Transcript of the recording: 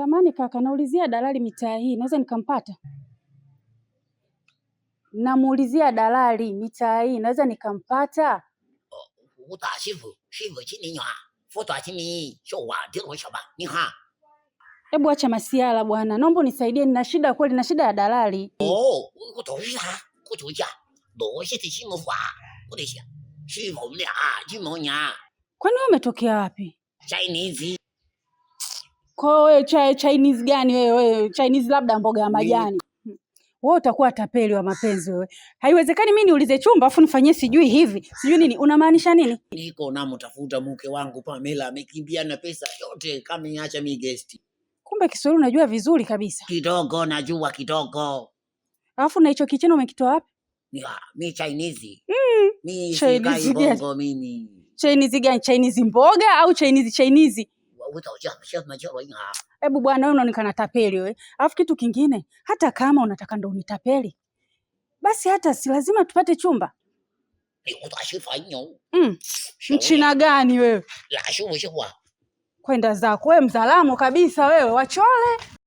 Samani kaka, naulizia dalali mitaa hii, naweza nikampata? Namuulizia dalali mitaa hii, naweza nikampata? Hebu acha masiala bwana, naomba unisaidie, nina shida kweli, na shida ya dalali. Oh, kwani wewe umetokea wapi? Chinese kwao wewe cha, Chinese gani wewe wewe? Chinese labda mboga ya majani. Wewe utakuwa tapeli wa mapenzi wewe. Haiwezekani mimi niulize chumba afu nifanyie sijui hivi, sijui nini. Unamaanisha nini? Niko namo tafuta mke wangu Pamela amekimbia na pesa yote kaniacha mimi guest. Kumbe Kiswahili unajua vizuri kabisa. Kidogo najua kidogo. Alafu na hicho kicheno umekitoa wapi? Ah, mi Chinese. Mm. Mi Chinese gani? Chinese mboga au Chinese Chinese? Hebu bwana, wewe unaonekana tapeli wewe. Alafu kitu kingine, hata kama unataka ndo unitapeli, basi hata si lazima tupate chumba. Mm. Mchina gani wewe? Kwenda zako wewe, mzalamu kabisa wewe, wachole